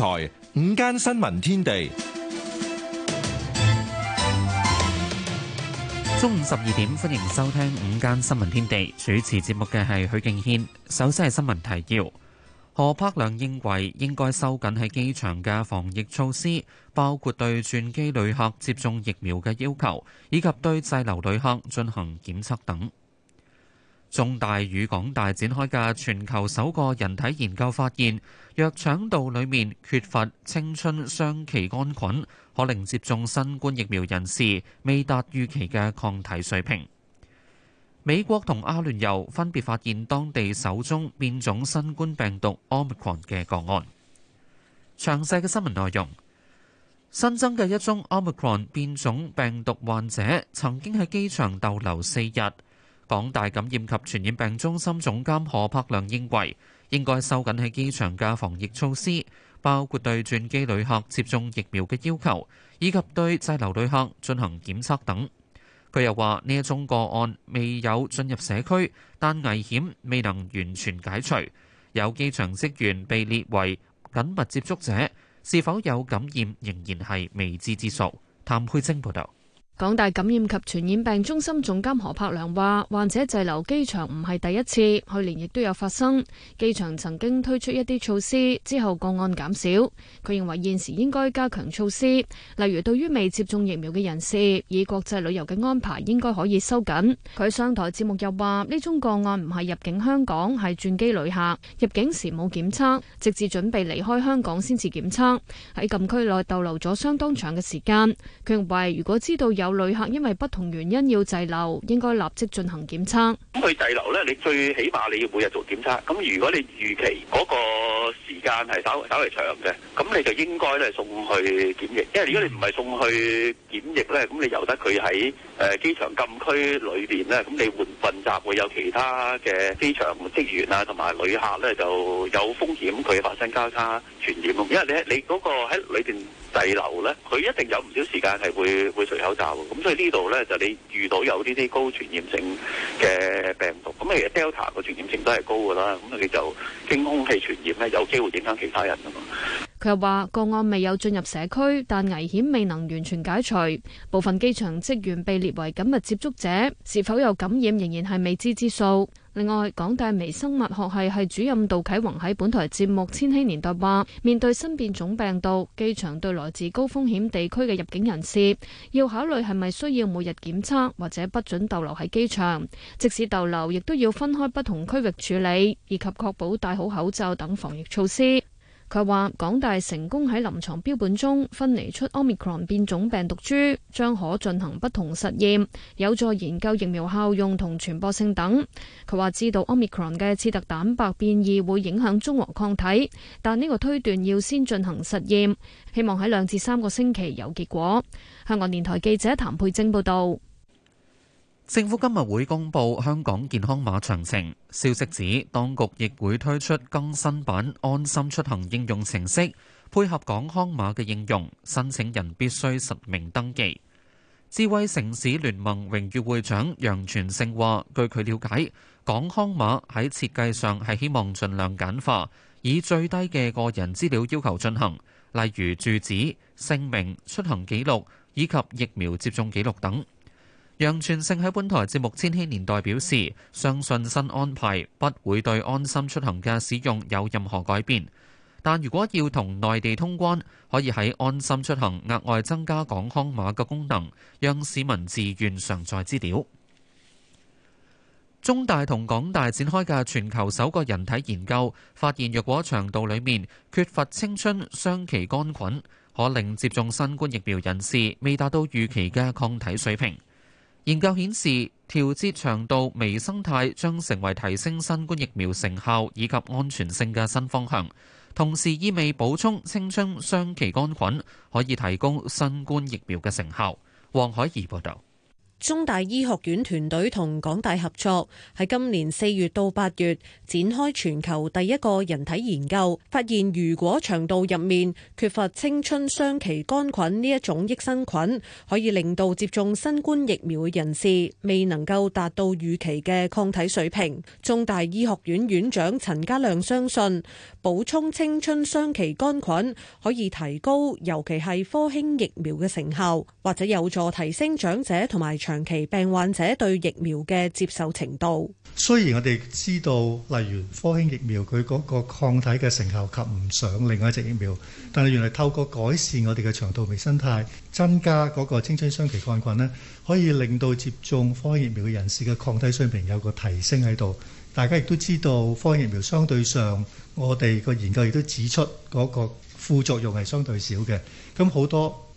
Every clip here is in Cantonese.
台午間新聞天地，中午十二點歡迎收聽午間新聞天地。主持節目嘅係許敬軒。首先係新聞提要：何柏良認為應該收緊喺機場嘅防疫措施，包括對轉機旅客接種疫苗嘅要求，以及對滯留旅客進行檢測等。中大與港大展開嘅全球首個人體研究發現，若腸道裡面缺乏青春雙歧桿菌，可能接種新冠疫苗人士未達預期嘅抗體水平。美國同阿聯酋分別發現當地首宗變種新冠病毒 Omicron 嘅個案。詳細嘅新聞內容，新增嘅一宗 Omicron 變種病毒患者曾經喺機場逗留四日。港大感染及傳染病中心總監何柏良認為，應該收緊喺機場嘅防疫措施，包括對轉機旅客接種疫苗嘅要求，以及對滯留旅客進行檢測等。佢又話：呢一宗個案未有進入社區，但危險未能完全解除。有機場職員被列為緊密接觸者，是否有感染仍然係未知之數。譚佩晶報道。港大感染及傳染病中心總監何柏良話，患者滯留機場唔係第一次，去年亦都有發生。機場曾經推出一啲措施，之後個案減少。佢認為現時應該加強措施，例如對於未接種疫苗嘅人士，以國際旅遊嘅安排應該可以收緊。佢上台節目又話，呢宗個案唔係入境香港，係轉機旅客入境時冇檢測，直至準備離開香港先至檢測，喺禁區內逗留咗相當長嘅時間。佢認為如果知道有旅客因為不同原因要滯留，應該立即進行檢測。咁佢滯留咧，你最起碼你要每日做檢測。咁如果你預期嗰個時間係稍為稍為長嘅，咁你就應該咧送去檢疫。因為如果你唔係送去檢疫咧，咁你由得佢喺誒機場禁區裏邊咧，咁你換混雜會有其他嘅機場職員啊，同埋旅客咧就有風險佢發生交叉傳染。因為你你嗰個喺裏邊。滯留咧，佢一定有唔少時間係會會除口罩喎。咁所以呢度咧就你遇到有呢啲高傳染性嘅病毒，咁啊其實 Delta 個傳染性都係高噶啦。咁啊佢就經空氣傳染咧，有機會影響其他人啊嘛。佢又話個案未有進入社區，但危險未能完全解除。部分機場職員被列為緊密接觸者，是否有感染仍然係未知之數。另外，港大微生物學系系主任杜啟宏喺本台節目《千禧年代》話，面對新變種病毒，機場對來自高風險地區嘅入境人士，要考慮係咪需要每日檢測，或者不准逗留喺機場。即使逗留，亦都要分開不同區域處理，以及確保戴好口罩等防疫措施。佢話：港大成功喺臨床標本中分離出 Omicron 變種病毒株，將可進行不同實驗，有助研究疫苗效用同傳播性等。佢話知道 Omicron 嘅刺突蛋白變異會影響中和抗體，但呢個推斷要先進行實驗，希望喺兩至三個星期有結果。香港電台記者譚佩晶報道。政府今日會公布香港健康碼詳情。消息指，當局亦會推出更新版安心出行應用程式，配合港康碼嘅應用。申請人必須實名登記。智慧城市聯盟榮譽會長楊全盛話，據佢瞭解，港康碼喺設計上係希望盡量簡化，以最低嘅個人資料要求進行，例如住址、姓名、出行記錄以及疫苗接種記錄等。楊全盛喺本台節目《千禧年代》表示，相信新安排不會對安心出行嘅使用有任何改變。但如果要同內地通關，可以喺安心出行額外增加港康碼嘅功能，讓市民自願常在資料。中大同港大展開嘅全球首個人體研究發現，若果腸道裏面缺乏青春雙歧桿菌，可令接種新冠疫苗人士未達到預期嘅抗體水平。研究顯示，調節腸道微生態將成為提升新冠疫苗成效以及安全性嘅新方向，同時意味補充青春雙歧桿菌可以提供新冠疫苗嘅成效。黃海怡報道。中大醫學院團隊同港大合作，喺今年四月到八月展開全球第一個人體研究，發現如果腸道入面缺乏青春雙歧桿菌呢一種益生菌，可以令到接種新冠疫苗嘅人士未能夠達到預期嘅抗體水平。中大醫學院院長陳家亮相信，補充青春雙歧桿菌可以提高，尤其係科興疫苗嘅成效，或者有助提升長者同埋，長期病患者對疫苗嘅接受程度，雖然我哋知道，例如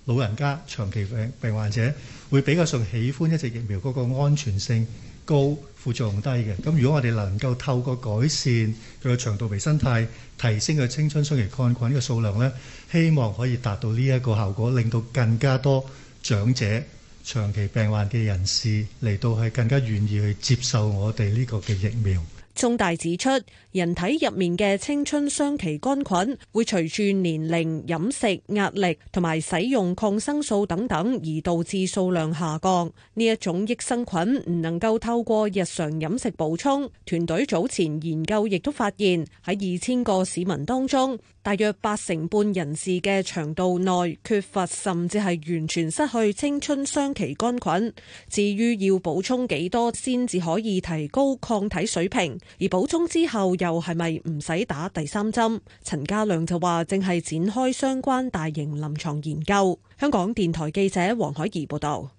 老人家長期病病患者會比較上喜歡一隻疫苗嗰個安全性高、副作用低嘅。咁如果我哋能夠透過改善佢嘅腸道微生態，提升佢青春雙歧桿菌嘅數量咧，希望可以達到呢一個效果，令到更加多長者、長期病患嘅人士嚟到係更加願意去接受我哋呢個嘅疫苗。中大指出，人體入面嘅青春雙歧桿菌會隨住年齡、飲食、壓力同埋使用抗生素等等而導致數量下降。呢一種益生菌唔能夠透過日常飲食補充。團隊早前研究亦都發現，喺二千個市民當中，大約八成半人士嘅腸道內缺乏甚至係完全失去青春雙歧桿菌。至於要補充幾多先至可以提高抗體水平？而補充之後又係咪唔使打第三針？陳家亮就話：正係展開相關大型臨床研究。香港電台記者黃海怡報道。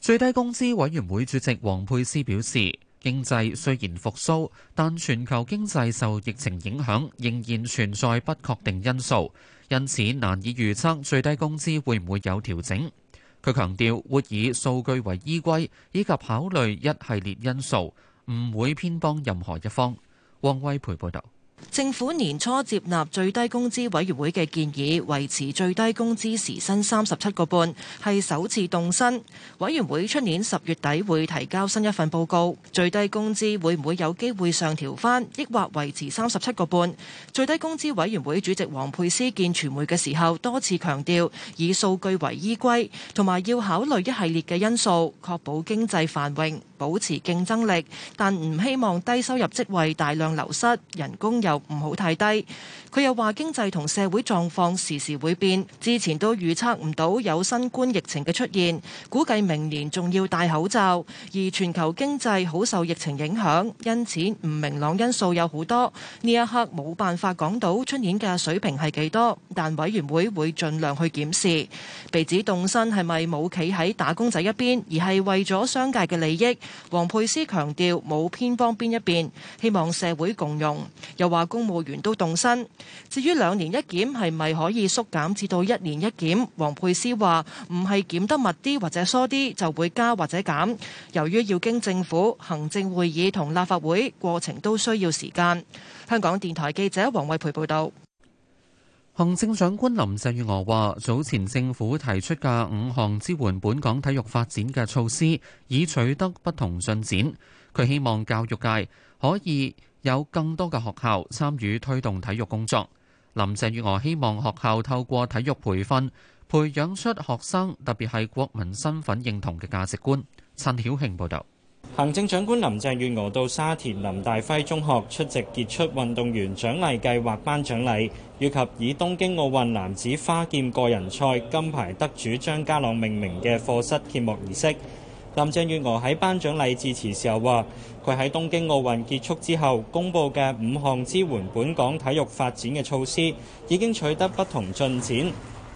最低工資委員會主席王沛詩表示，經濟雖然復甦，但全球經濟受疫情影響，仍然存在不確定因素，因此難以預測最低工資會唔會有調整。佢強調會以數據為依歸，以及考慮一系列因素。唔會偏幫任何一方。汪威培報道。政府年初接納最低工資委員會嘅建議，維持最低工資時薪三十七個半，係首次凍薪。委員會出年十月底會提交新一份報告，最低工資會唔會有機會上調翻，抑或維持三十七個半？最低工資委員會主席王沛詩見傳媒嘅時候，多次強調以數據為依歸，同埋要考慮一系列嘅因素，確保經濟繁榮，保持競爭力，但唔希望低收入職位大量流失，人工有。就唔好太低。佢又話經濟同社會狀況時時會變，之前都預測唔到有新冠疫情嘅出現，估計明年仲要戴口罩。而全球經濟好受疫情影響，因此唔明朗因素有好多。呢一刻冇辦法講到出年嘅水平係幾多，但委員會會盡量去檢視。被指動身係咪冇企喺打工仔一邊，而係為咗商界嘅利益？黃佩斯強調冇偏幫邊一邊，希望社會共融。又話。公務員都動身。至於兩年一檢係咪可以縮減至到一年一檢？黃佩斯話：唔係檢得密啲或者疏啲就會加或者減。由於要經政府行政會議同立法會過程都需要時間。香港電台記者黃惠培報道。行政長官林鄭月娥話：早前政府提出嘅五項支援本港體育發展嘅措施，已取得不同進展。佢希望教育界可以有更多嘅學校參與推動體育工作。林鄭月娥希望學校透過體育培訓，培養出學生，特別係國民身份認同嘅價值觀。陳曉慶報導。行政長官林鄭月娥到沙田林大輝中學出席傑出運動員獎勵計劃頒獎禮，以及以東京奧運男子花劍個人賽金牌得主張家朗命名嘅課室揭幕儀式。林鄭月娥喺頒獎禮致辭時候話，佢喺東京奧運結束之後公佈嘅五項支援本港體育發展嘅措施，已經取得不同進展。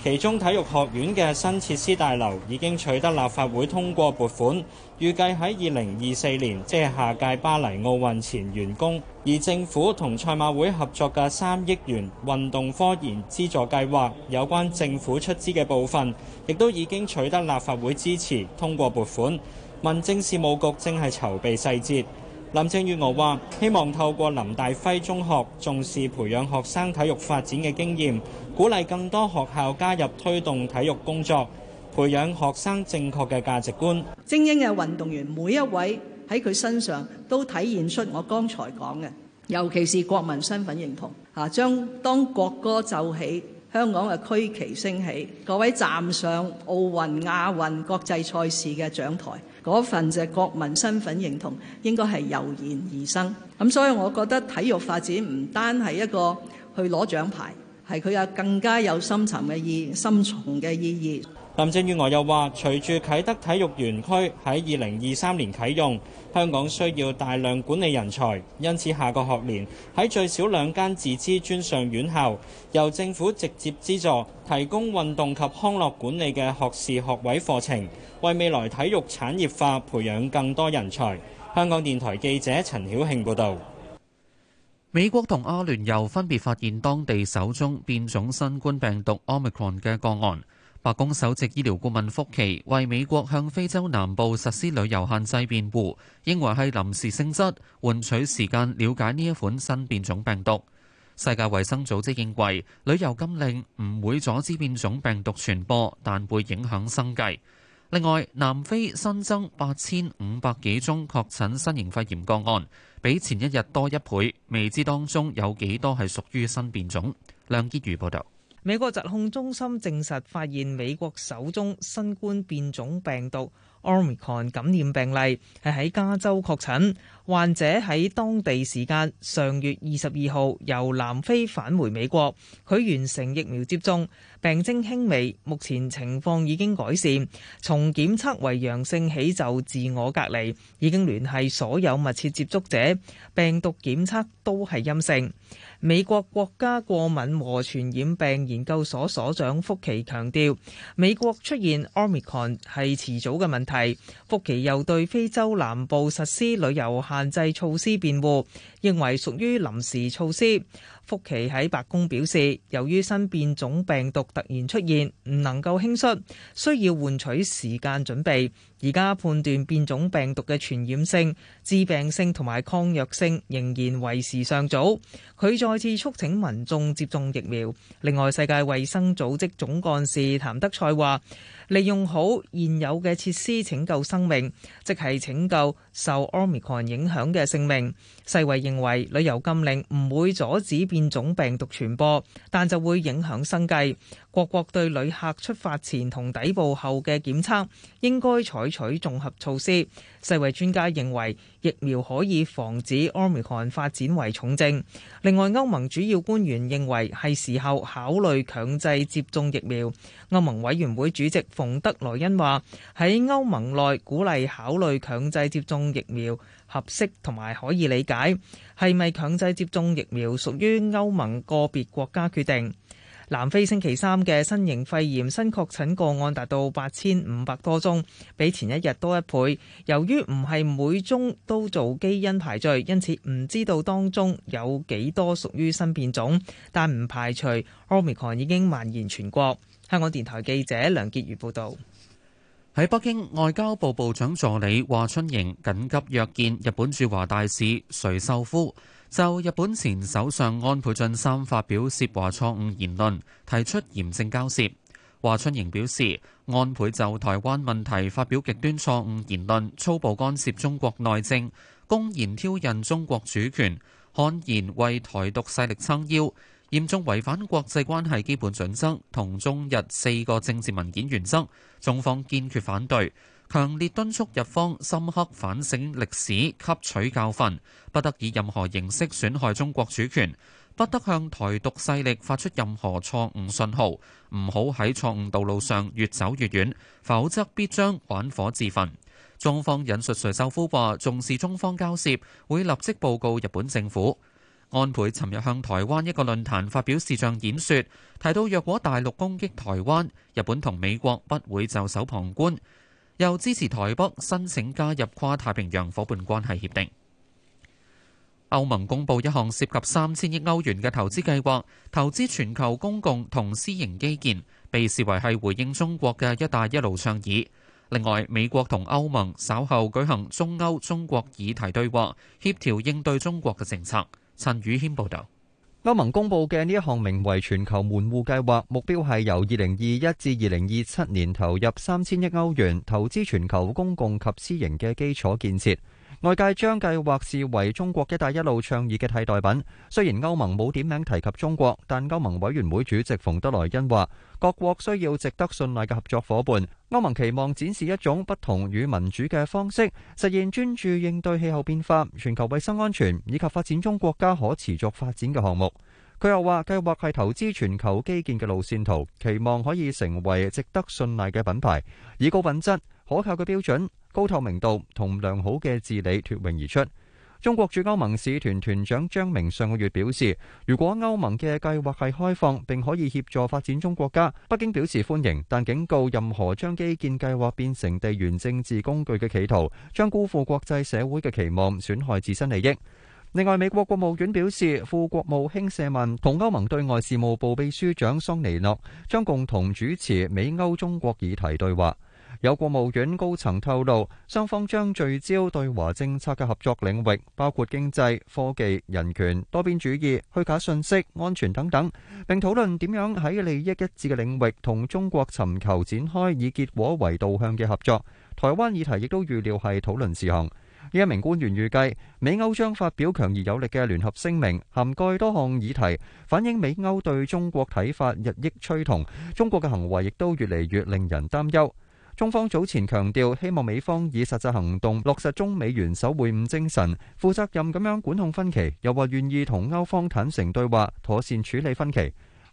其中體育學院嘅新設施大樓已經取得立法會通過撥款，預計喺二零二四年，即係下屆巴黎奧運前完工。而政府同賽馬會合作嘅三億元運動科研資助計劃，有關政府出資嘅部分，亦都已經取得立法會支持通過撥款。民政事務局正係籌備細節。林鄭月娥話：希望透過林大輝中學重視培養學生體育發展嘅經驗，鼓勵更多學校加入推動體育工作，培養學生正確嘅價值觀。精英嘅運動員，每一位喺佢身上都體現出我剛才講嘅，尤其是國民身份認同。嚇，將當國歌奏起，香港嘅區旗升起，各位站上奧運、亞運、國際賽事嘅獎台，嗰份就係國民身份認同，應該係油然而生。咁所以，我覺得體育發展唔單係一個去攞獎牌，係佢有更加有深沉嘅意義、深重嘅意義。林鄭月娥又話，隨住啟德體育園區喺二零二三年啟用，香港需要大量管理人才，因此下個學年喺最少兩間自資專上院校由政府直接資助提供運動及康樂管理嘅學士學位課程，為未來體育產業化培養更多人才。香港電台記者陳曉慶報導。美國同阿聯酋分別發現當地首宗變種新冠病毒 Omicron 嘅個案。白宮首席醫療顧問福奇為美國向非洲南部實施旅遊限制辯護，認為係臨時性質，換取時間了解呢一款新變種病毒。世界衛生組織認為，旅遊禁令唔會阻止變種病毒傳播，但會影響生計。另外，南非新增八千五百幾宗確診新型肺炎個案，比前一日多一倍，未知當中有幾多係屬於新變種。梁潔如報道。美國疾控中心證實發現美國首宗新冠變種病毒。omicron 感染病例係喺加州確診，患者喺當地時間上月二十二號由南非返回美國，佢完成疫苗接種，病徵輕微，目前情況已經改善。從檢測為陽性起就自我隔離，已經聯繫所有密切接觸者，病毒檢測都係陰性。美國國家過敏和傳染病研究所所長福奇強調，美國出現 omicron 係遲早嘅問題。福奇又對非洲南部實施旅遊限制措施辯護，認為屬於臨時措施。福奇喺白宮表示，由於新變種病毒突然出現，唔能夠輕率，需要換取時間準備。而家判斷變種病毒嘅傳染性、致病性同埋抗藥性，仍然為時尚早。佢再次促請民眾接種疫苗。另外，世界衛生組織總幹事譚德塞話，利用好現有嘅設施拯救生命，即係拯救。受 Omicron 影響嘅性命，世衞認為旅遊禁令唔會阻止變種病毒傳播，但就會影響生計。各國對旅客出發前同抵埗後嘅檢測應該採取綜合措施。世衛專家認為疫苗可以防止奧密克戎發展為重症。另外，歐盟主要官員認為係時候考慮強制接種疫苗。歐盟委員會主席馮德萊恩話：喺歐盟內鼓勵考慮強制接種疫苗，合適同埋可以理解。係咪強制接種疫苗屬於歐盟個別國家決定？南非星期三嘅新型肺炎新確診個案達到八千五百多宗，比前一日多一倍。由於唔係每宗都做基因排序，因此唔知道當中有幾多屬於新變種，但唔排除 Omicron 已經蔓延全國。香港電台記者梁潔如報道。喺北京，外交部部長助理華春瑩緊急約見日本駐華大使垂秀夫。就日本前首相安倍晉三發表涉華錯誤言論，提出嚴正交涉。華春瑩表示，安倍就台灣問題發表極端錯誤言論，粗暴干涉中國內政，公然挑釁中國主權，悍然為台獨勢力撐腰，嚴重違反國際關係基本準則同中日四個政治文件原則，中方堅決反對。強烈敦促日方深刻反省歷史，吸取教訓，不得以任何形式損害中國主權，不得向台獨勢力發出任何錯誤信號，唔好喺錯誤道路上越走越遠，否則必將玩火自焚。中方引述垂秀夫話，重視中方交涉，會立即報告日本政府。安倍尋日向台灣一個論壇發表視像演說，提到若果大陸攻擊台灣，日本同美國不會袖手旁觀。又支持台北申請加入跨太平洋伙伴關係協定。歐盟公布一項涉及三千億歐元嘅投資計劃，投資全球公共同私營基建，被視為係回應中國嘅「一帶一路」倡議。另外，美國同歐盟稍後舉行中歐中國議題對話，協調應對中國嘅政策。陳宇軒報導。歐盟公布嘅呢一項名為全球門戶計劃，目標係由二零二一至二零二七年投入三千億歐元，投資全球公共及私營嘅基礎建設。外界將計劃視為中國「一帶一路」倡議嘅替代品。雖然歐盟冇點名提及中國，但歐盟委員會主席馮德萊恩話，各國需要值得信賴嘅合作伙伴。歐盟期望展示一種不同與民主嘅方式，實現專注應對氣候變化、全球衞生安全以及發展中國家可持續發展嘅項目。佢又話，計劃係投資全球基建嘅路線圖，期望可以成為值得信賴嘅品牌，以高品質、可靠嘅標準、高透明度同良好嘅治理脫穎而出。中國駐歐盟使團團長張明上個月表示，如果歐盟嘅計劃係開放並可以協助發展中國家，北京表示歡迎，但警告任何將基建計劃變成地緣政治工具嘅企圖，將辜負國際社會嘅期望，損害自身利益。另外，美國國務院表示，副國務卿舍曼同歐盟對外事務部秘書長桑尼諾將共同主持美歐中國議題對話。有國務院高層透露，雙方將聚焦對華政策嘅合作領域，包括經濟、科技、人權、多邊主義、虛假信息、安全等等，並討論點樣喺利益一致嘅領域同中國尋求展開以結果為導向嘅合作。台灣議題亦都預料係討論事項。呢一名官員預計，美歐將發表強而有力嘅聯合聲明，涵蓋多項議題，反映美歐對中國睇法日益趨同，中國嘅行為亦都越嚟越令人擔憂。中方早前強調，希望美方以實際行動落實中美元首會晤精神，負責任咁樣管控分歧，又話願意同歐方坦誠對話，妥善處理分歧。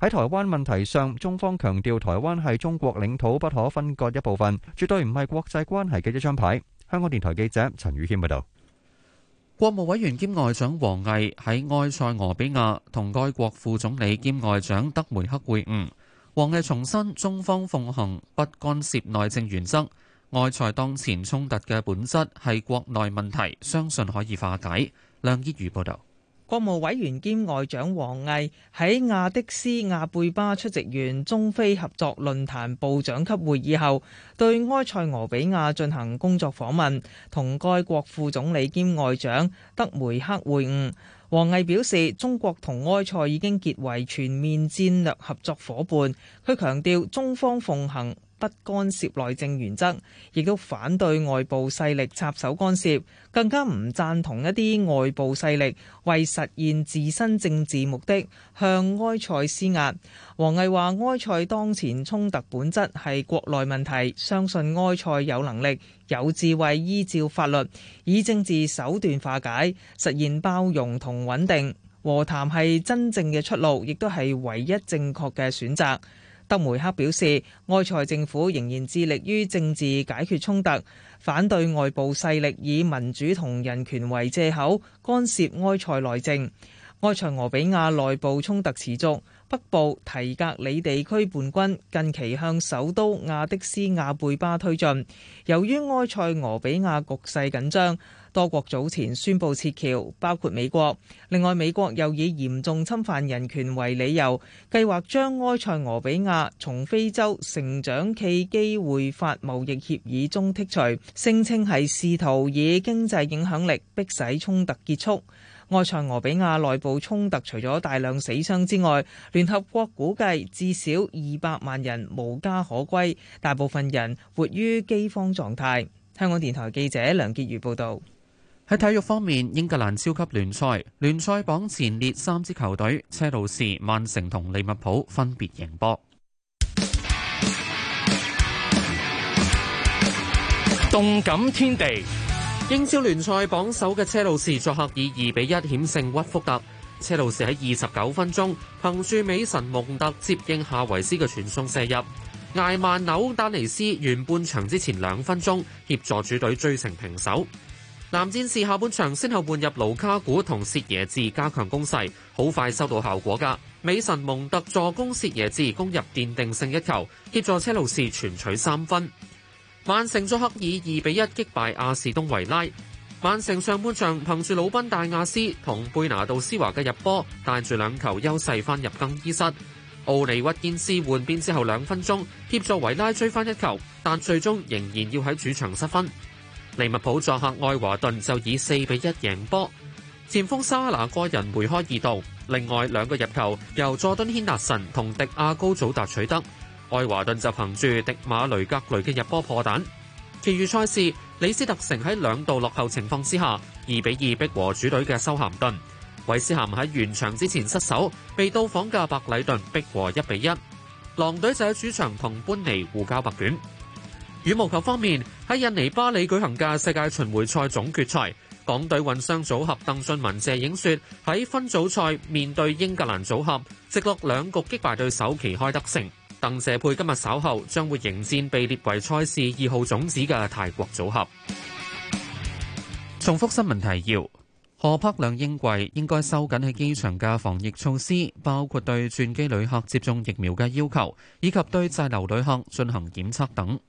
喺台灣問題上，中方強調台灣係中國領土不可分割一部分，絕對唔係國際關係嘅一張牌。香港電台記者陳宇軒報道。國務委員兼外長王毅喺埃塞俄比亞同該國副總理兼外長德梅克會晤。王毅重申中方奉行不干涉內政原則，埃塞當前衝突嘅本質係國內問題，相信可以化解。梁益如報道。國務委員兼外長王毅喺亞的斯亞貝巴出席完中非合作論壇部長級會議後對埃塞俄比亞進行工作訪問，同該國副總理兼外長德梅克會晤。王毅表示，中國同埃塞已經結為全面戰略合作伙伴。佢強調，中方奉行不干涉內政原則，亦都反對外部勢力插手干涉，更加唔贊同一啲外部勢力為實現自身政治目的向埃塞施壓。王毅話：埃塞當前衝突本質係國內問題，相信埃塞有能力、有智慧依照法律以政治手段化解，實現包容同穩定。和談係真正嘅出路，亦都係唯一正確嘅選擇。德梅克表示，埃塞政府仍然致力於政治解決衝突，反對外部勢力以民主同人權為借口干涉埃塞內政。埃塞俄比亞內部衝突持續，北部提格里地區叛軍近期向首都亞的斯亞貝巴推進，由於埃塞俄比亞局勢緊張。多國早前宣布撤僑，包括美國。另外，美國又以嚴重侵犯人權為理由，計劃將埃塞俄比亞從非洲成長暨機會法貿易協議中剔除，聲稱係試圖以經濟影響力迫使衝突結束。埃塞俄比亞內部衝突除咗大量死傷之外，聯合國估計至少二百萬人無家可歸，大部分人活於飢荒狀態。香港電台記者梁潔如報導。喺體育方面，英格蘭超級聯賽聯賽榜前列三支球隊，車路士、曼城同利物浦分別贏波。動感天地英超聯賽榜首嘅車路士作客以二比一險勝屈福特。車路士喺二十九分鐘，憑住美神蒙特接應夏維斯嘅傳送射入，艾曼紐丹尼斯完半場之前兩分鐘協助主隊追成平手。藍戰士下半場先後換入盧卡古同薛耶治加強攻勢，好快收到效果噶。美神蒙特助攻薛耶治攻入奠定勝一球，協助車路士全取三分。曼城作客以二比一擊敗阿士東維拉。曼城上半場憑住魯濱大亞斯同貝拿度斯華嘅入波，帶住兩球優勢翻入更衣室。奧尼屈堅斯換邊之後兩分鐘協助維拉追翻一球，但最終仍然要喺主場失分。利物浦作客愛華頓就以四比一贏波，前鋒沙拿個人梅開二度，另外兩個入球由佐敦軒達臣同迪亞高祖達取得，愛華頓就憑住迪馬雷格雷嘅入波破蛋。其餘賽事，里斯特城喺兩度落後情況之下，二比二逼和主隊嘅修咸頓，韋斯咸喺完場之前失守，被到訪嘅白禮頓逼和一比一，狼隊就喺主場同班尼互交白卷。羽毛球方面，喺印尼巴里舉行嘅世界巡回賽總決賽，港隊混雙組合鄧俊文謝影雪喺分組賽面對英格蘭組合，直落兩局擊敗對手，旗開得勝。鄧謝配今日稍後將會迎戰被列為賽事二號種子嘅泰國組合。重複新聞提要：何柏良英貴應該收緊喺機場嘅防疫措施，包括對轉機旅客接種疫苗嘅要求，以及對滯留旅客進行檢測等。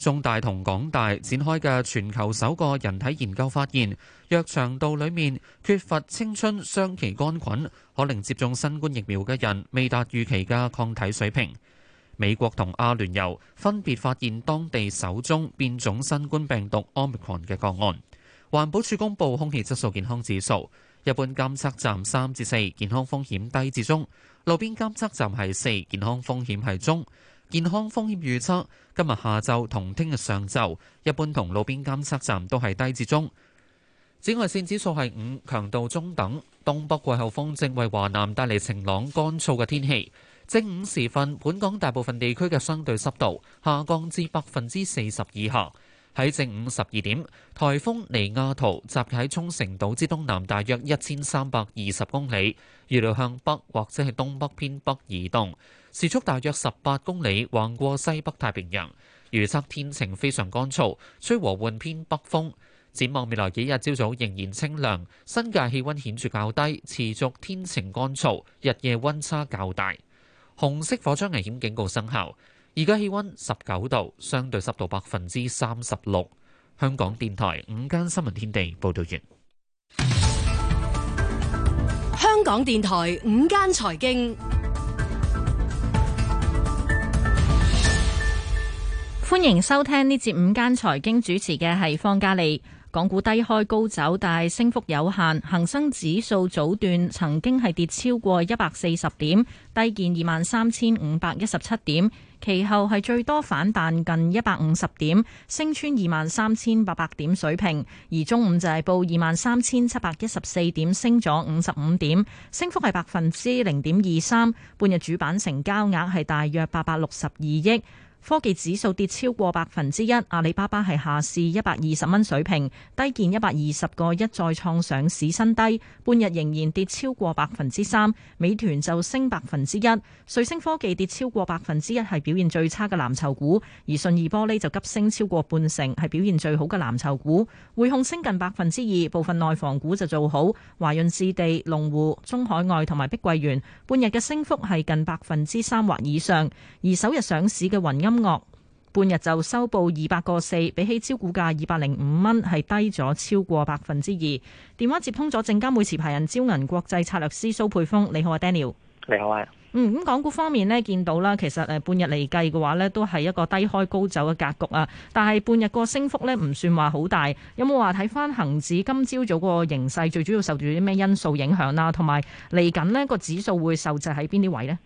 中大同港大展開嘅全球首個人體研究發現，若腸道裏面缺乏青春雙歧桿菌，可能接種新冠疫苗嘅人未達預期嘅抗體水平。美國同阿聯酋分別發現當地首宗變種新冠病毒 Omicron 嘅個案。環保署公布空氣質素健康指數，一般監測站三至四，健康風險低至中；路邊監測站係四，健康風險係中。健康風險預測：今日下晝同聽日上晝，一般同路邊監測站都係低至中。紫外線指數係五，強度中等。東北季候風正為華南帶嚟晴朗乾燥嘅天氣。正午時分，本港大部分地區嘅相對濕度下降至百分之四十以下。喺正午十二點，颱風尼亞圖集結喺沖繩島之東南，大約一千三百二十公里，預料向北或者係東北偏北移動，時速大約十八公里，橫過西北太平洋。預測天晴非常乾燥，吹和緩偏北風。展望未來幾日，朝早仍然清涼，新界氣温顯著較低，持續天晴乾燥，日夜温差較大。紅色火災危險警告生效。而家氣温十九度，相對濕度百分之三十六。香港電台午間新聞天地報道完，香港電台午間財經，歡迎收聽呢節午間財經主持嘅係方嘉莉。港股低開高走，但升幅有限。恒生指數早段曾經係跌超過一百四十點，低見二萬三千五百一十七點，其後係最多反彈近一百五十點，升穿二萬三千八百點水平。而中午就係報二萬三千七百一十四點，升咗五十五點，升幅係百分之零點二三。半日主板成交額係大約八百六十二億。科技指數跌超過百分之一，阿里巴巴係下市一百二十蚊水平，低見一百二十個一，再創上市新低。半日仍然跌超過百分之三，美團就升百分之一，瑞星科技跌超過百分之一，係表現最差嘅藍籌股，而信義玻璃就急升超過半成，係表現最好嘅藍籌股。匯控升近百分之二，部分內房股就做好，華潤置地、龍湖、中海外同埋碧桂園，半日嘅升幅係近百分之三或以上，而首日上市嘅雲歐音樂半日就收報二百個四，比起招股價二百零五蚊係低咗超過百分之二。電話接通咗證監會持牌人招銀國際策略師蘇佩峰，你好啊，Daniel。你好啊，嗯，咁港股方面呢見到啦，其實誒，半日嚟計嘅話呢都係一個低開高走嘅格局啊。但係半日個升幅呢，唔算話好大。有冇話睇返恒指今朝早個形勢，最主要受住啲咩因素影響啦、啊？同埋嚟緊呢個指數會受制喺邊啲位呢？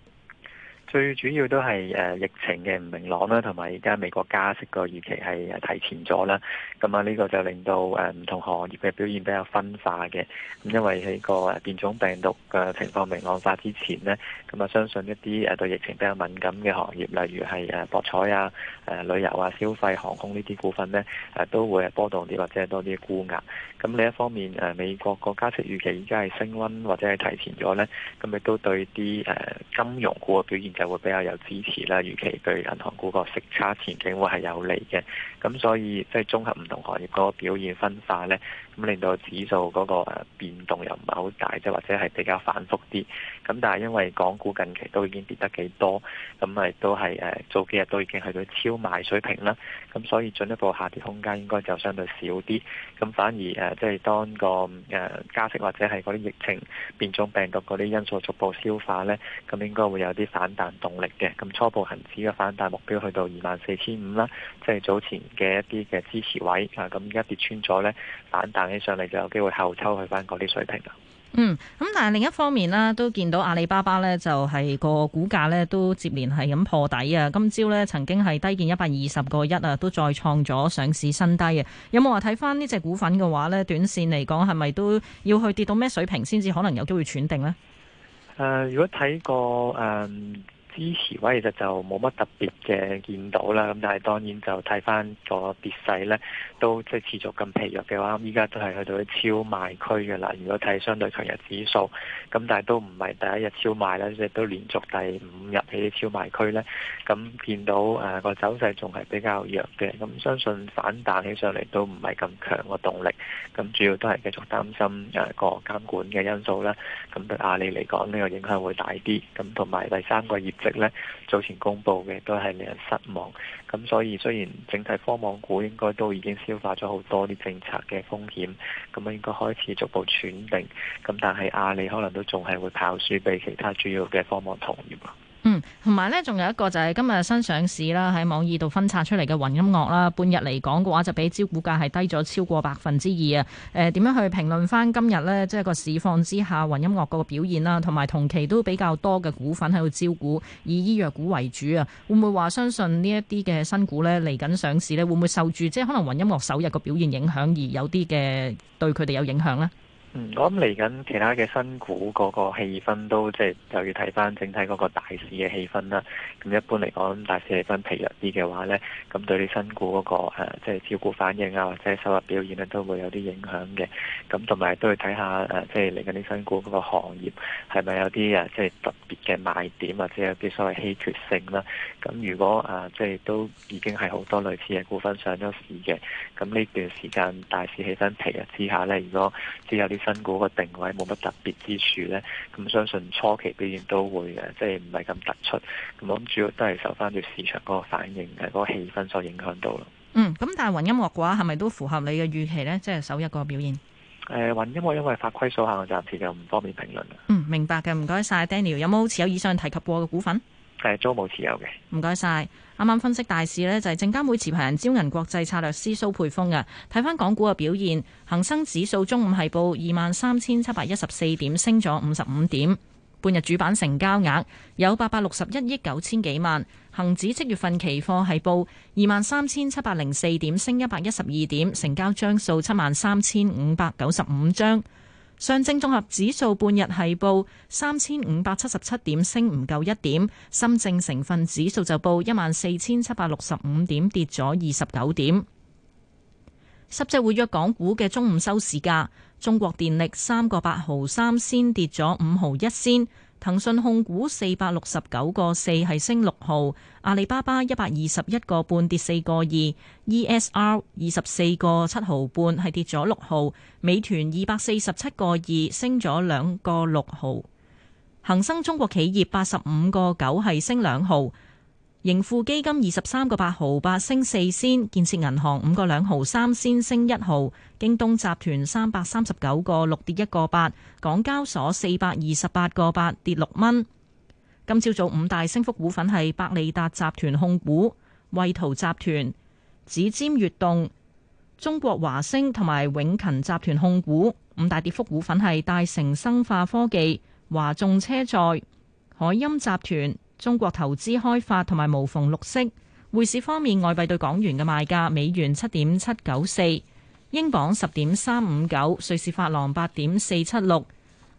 最主要都係誒疫情嘅唔明朗啦，同埋而家美國加息個預期係提前咗啦，咁啊呢個就令到誒唔同行業嘅表現比較分化嘅。咁因為喺個變種病毒嘅情況明朗化之前呢，咁啊相信一啲誒對疫情比較敏感嘅行業，例如係誒博彩啊、誒旅遊啊、消費、航空呢啲股份呢，誒都會係波動啲或者多啲沽壓。咁另一方面，誒、啊、美國個加息預期而家係升溫或者係提前咗咧，咁亦都對啲誒、啊、金融股嘅表現就會比較有支持啦。預期對銀行股個息差前景會係有利嘅。咁所以即係、就是、綜合唔同行業嗰個表現分化咧，咁令到指數嗰個誒變動又唔係好大，即或者係比較反覆啲。咁但係因為港股近期都已經跌得幾多，咁亦都係誒、啊、早幾日都已經去到超賣水平啦。咁所以進一步下跌空間應該就相對少啲。咁反而誒、啊即係當個誒加息或者係嗰啲疫情變種病毒嗰啲因素逐步消化呢，咁應該會有啲反彈動力嘅。咁初步恆指嘅反彈目標去到二萬四千五啦，即係早前嘅一啲嘅支持位啊。咁而家跌穿咗呢，反彈起上嚟就有機會後抽去返嗰啲水平啦。嗯，咁但係另一方面咧，都見到阿里巴巴呢就係個股價呢都接連係咁破底啊。今朝呢曾經係低見一百二十個一啊，都再創咗上市新低啊。有冇話睇翻呢隻股份嘅話呢？短線嚟講係咪都要去跌到咩水平先至可能有機會喘定呢？誒，uh, 如果睇個誒。Um 支持位，其實就冇乜特別嘅見到啦。咁但係當然就睇翻個跌勢咧，都即係持續咁疲弱嘅話，依家都係去到啲超賣區嘅啦。如果睇相對強弱指數，咁但係都唔係第一日超賣啦，即係都連續第五日喺啲超賣區咧。咁見到誒、啊、個走勢仲係比較弱嘅，咁相信反彈起上嚟都唔係咁強個動力。咁主要都係繼續擔心誒個監管嘅因素啦。咁對阿里嚟講，呢個影響會大啲。咁同埋第三個業咧早前公布嘅都係令人失望，咁所以雖然整體科網股應該都已經消化咗好多啲政策嘅風險，咁啊應該開始逐步喘定，咁但係阿里可能都仲係會跑輸俾其他主要嘅科網同業。嗯，同埋咧，仲有一個就係今日新上市啦，喺網易度分拆出嚟嘅雲音樂啦，半日嚟講嘅話就比招股價係低咗超過百分之二啊。誒，點樣去評論翻今日呢？即係個市況之下，雲音樂個表現啦，同埋同期都比較多嘅股份喺度招股，以醫藥股為主啊。會唔會話相信呢一啲嘅新股呢嚟緊上市呢？會唔會受住即係可能雲音樂首日個表現影響而有啲嘅對佢哋有影響呢？嗯，我諗嚟緊其他嘅新股嗰個氣氛都即係又要睇翻整體嗰個大市嘅氣氛啦。咁一般嚟講，大市氣氛疲弱啲嘅話咧，咁對啲新股嗰個誒即係招股反應啊，或者收入表現咧、啊，都會有啲影響嘅。咁同埋都要睇下誒，即係嚟緊啲新股嗰個行業係咪有啲誒即係特別嘅賣點，或者有啲所謂稀缺性啦、啊。咁如果誒即係都已經係好多類似嘅股份上咗市嘅，咁呢段時間大市氣氛疲弱之下咧，如果只有啲新股個定位冇乜特別之處咧，咁相信初期表現都會嘅，即係唔係咁突出。咁我諗主要都係受翻住市場嗰個反應誒，嗰個氣氛所影響到咯。嗯，咁但係雲音樂嘅話，係咪都符合你嘅預期咧？即係首一個表現。誒、呃，雲音樂因為法規所限我暫時就唔方便評論啦。嗯，明白嘅，唔該晒。Daniel，有冇持有以上提及過嘅股份？係都冇持有嘅。唔該晒。啱啱分析大市呢，就係證監會持牌人招銀國際策略師蘇佩峰啊。睇翻港股嘅表現，恒生指數中午係報二萬三千七百一十四點，升咗五十五點，半日主板成交額有八百六十一億九千幾萬。恒指即月份期貨係報二萬三千七百零四點，升一百一十二點，成交張數七萬三千五百九十五張。上證綜合指數半日係報三千五百七十七點，升唔夠一點；深證成分指數就報一萬四千七百六十五點，跌咗二十九點。十隻活躍港股嘅中午收市價，中國電力三個八毫三仙，跌咗五毫一仙。騰訊控股四百六十九個四係升六號，阿里巴巴一百二十一個半跌四個二，ESR 二十四個七毫半係跌咗六號，美團二百四十七個二升咗兩個六號，恒生中國企業八十五個九係升兩號。盈富基金二十三個八毫八升四仙，建設銀行五個兩毫三仙升一毫，京東集團三百三十九個六跌一個八，港交所四百二十八個八跌六蚊。今朝早五大升幅股份係百利達集團控股、惠圖集團、指尖悅動、中國華星同埋永勤集團控股。五大跌幅股份係大成生化科技、華眾車載、海音集團。中國投資開發同埋無縫綠色。匯市方面，外幣對港元嘅賣價：美元七點七九四，英鎊十點三五九，瑞士法郎八點四七六，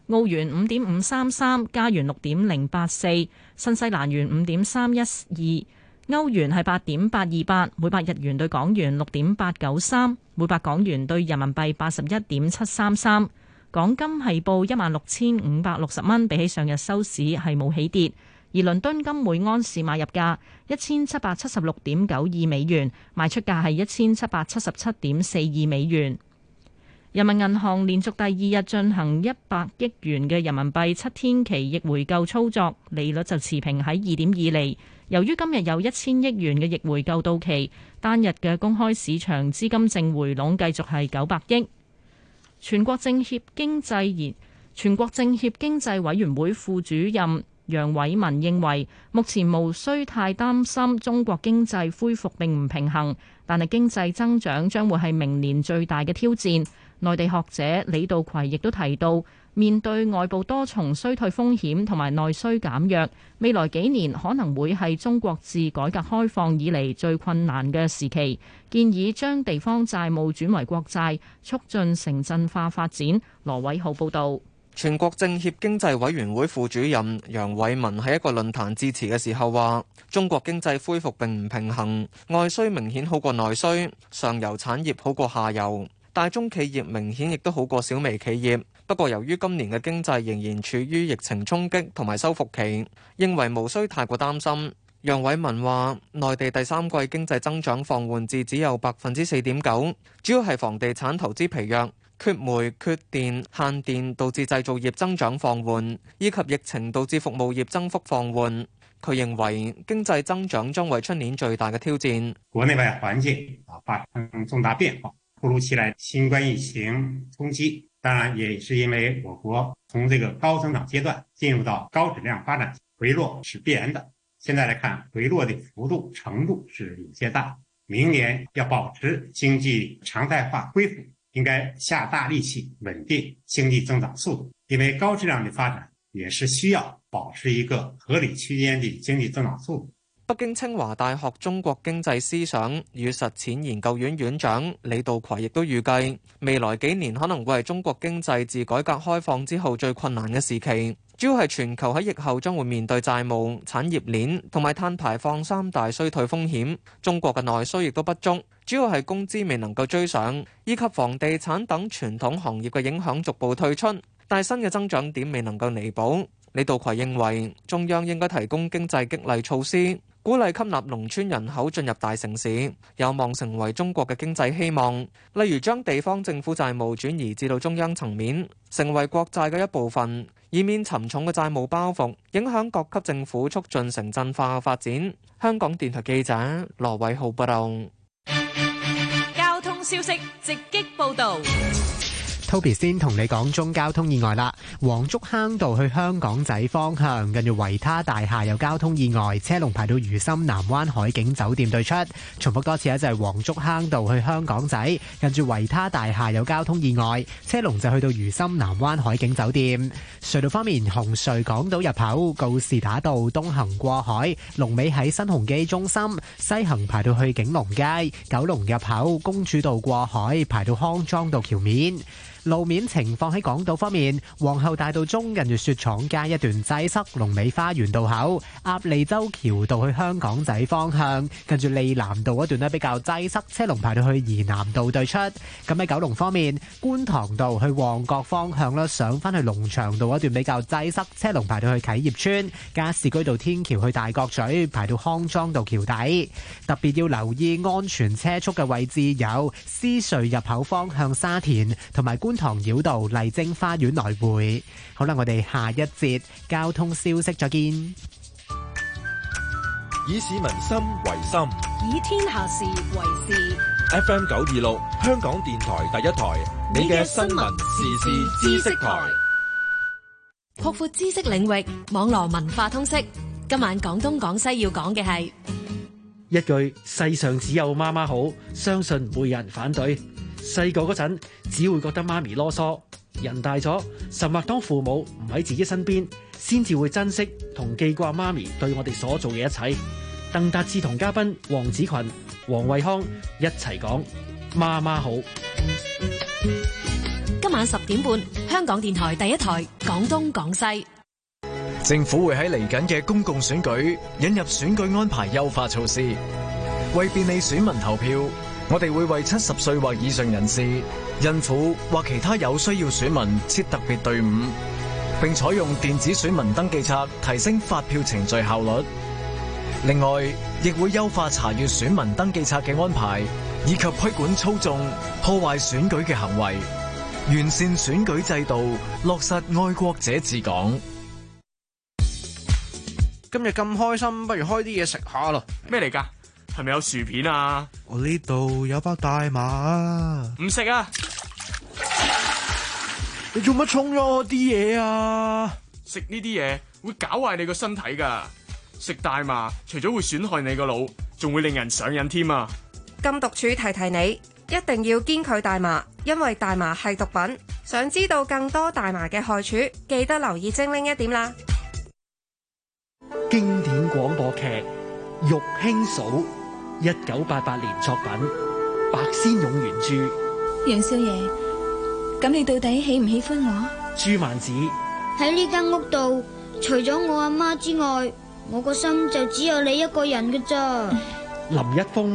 澳元五點五三三，加元六點零八四，新西蘭元五點三一二，歐元係八點八二八，每百日元對港元六點八九三，每百港元對人民幣八十一點七三三。港金係報一萬六千五百六十蚊，比起上日收市係冇起跌。而倫敦金每安士買入價一千七百七十六點九二美元，賣出價係一千七百七十七點四二美元。人民銀行連續第二日進行一百億元嘅人民幣七天期逆回購操作，利率就持平喺二點二厘。由於今日有一千億元嘅逆回購到期，單日嘅公開市場資金正回籠繼續係九百億。全國政協經濟熱，全國政協經濟委員會副主任。楊偉民認為，目前無需太擔心中國經濟恢復並唔平衡，但係經濟增長將會係明年最大嘅挑戰。內地學者李道葵亦都提到，面對外部多重衰退風險同埋內需減弱，未來幾年可能會係中國自改革開放以嚟最困難嘅時期。建議將地方債務轉為國債，促進城鎮化發展。羅偉浩報道。全國政協經濟委員會副主任楊偉民喺一個論壇致辭嘅時候話：中國經濟恢復並唔平衡，外需明顯好過內需，上游產業好過下游，大中企業明顯亦都好過小微企業。不過由於今年嘅經濟仍然處於疫情衝擊同埋修復期，認為無需太過擔心。楊偉民話：內地第三季經濟增長放緩至只有百分之四點九，主要係房地產投資疲弱。缺煤缺電限電，導致製造業增長放緩，以及疫情導致服務業增幅放緩。佢認為經濟增長將為出年最大嘅挑戰。國內外環境啊，發生重大變化，突如其來新冠疫情衝擊，當然也是因為我國從這個高增長階段進入到高質量發展，回落是必然的。現在來看回落的幅度程度是有些大，明年要保持經濟常態化恢復。應該下大力氣穩定經濟增長速度，因為高質量嘅發展也是需要保持一個合理區間的經濟增長速度。北京清華大學中國經濟思想與實踐研究院院長李稻葵亦都預計，未來幾年可能會係中國經濟自改革開放之後最困難嘅時期，主要係全球喺疫後將會面對債務、產業鏈同埋碳排放三大衰退風險，中國嘅內需亦都不足。主要係工資未能夠追上，以及房地產等傳統行業嘅影響逐步退出，但新嘅增長點未能夠彌補。李道葵認為，中央應該提供經濟激勵措施，鼓勵吸納農村人口進入大城市，有望成為中國嘅經濟希望。例如將地方政府債務轉移至到中央層面，成為國債嘅一部分，以免沉重嘅債務包袱影響各級政府促進城鎮化嘅發展。香港電台記者羅偉浩報道。消息直擊報導。Toby 先同你講中交通意外啦，黃竹坑道去香港仔方向，近住維他大廈有交通意外，車龍排到如心南灣海景酒店對出。重複多次啊，就係黃竹坑道去香港仔，近住維他大廈有交通意外，車龍就去到如心南灣海景酒店。隧道方面，紅隧港島入口告士打道東行過海，龍尾喺新鴻基中心；西行排到去景隆街，九龍入口公主道過海，排到康莊道橋面。路面情況喺港島方面，皇后大道中跟住雪廠街一段擠塞，龍尾花園道口、鴨脷洲橋道去香港仔方向，近住利南道嗰段呢比較擠塞，車龍排到去怡南道對出。咁喺九龍方面，觀塘道去旺角方向啦，上返去龍翔道一段比較擠塞，車龍排到去啟業村、加士居道天橋去大角咀，排到康莊道橋底。特別要留意安全車速嘅位置有獅隧入口方向沙田同埋觀。觀塘繞道麗晶花園來回，好啦，我哋下一節交通消息再見。以市民心為心，以天下事為事。FM 九二六，香港電台第一台，你嘅新聞時事知識台，擴闊知識領域，網絡文化通識。今晚講東講西要講嘅係一句：世上只有媽媽好，相信會有人反對。細個嗰陣，只會覺得媽咪囉嗦；人大咗，甚或當父母唔喺自己身邊，先至會珍惜同記掛媽咪對我哋所做嘅一切。鄧達志同嘉賓黃子群、黃惠康一齊講媽媽好。今晚十點半，香港電台第一台講東講西。政府會喺嚟緊嘅公共選舉引入選舉安排優化措施，為便利選民投票。我哋會為七十歲或以上人士，孕婦或其他有需要選民設特別隊伍，並採用電子選民登記冊，提升發票程序效率。另外，亦會優化查閱選民登記冊嘅安排，以及規管操縱、破壞選舉嘅行為，完善選舉制度，落實愛國者治港。今日咁開心，不如開啲嘢食下咯。咩嚟㗎？係咪有薯片啊？我呢度有包大麻，唔食啊！你做乜沖咗我啲嘢啊？食呢啲嘢會搞壞你個身體噶。食大麻除咗會損害你個腦，仲會令人上癮添啊！禁毒處提提提你，一定要堅拒大麻，因為大麻係毒品。想知道更多大麻嘅害處，記得留意精靈一點啦！經典廣播劇《玉卿嫂》。一九八八年作品《白先勇》原著。楊少爺，咁你到底喜唔喜歡我？朱曼萬子。喺呢間屋度，除咗我阿媽之外，我個心就只有你一個人嘅咋。 林一峰。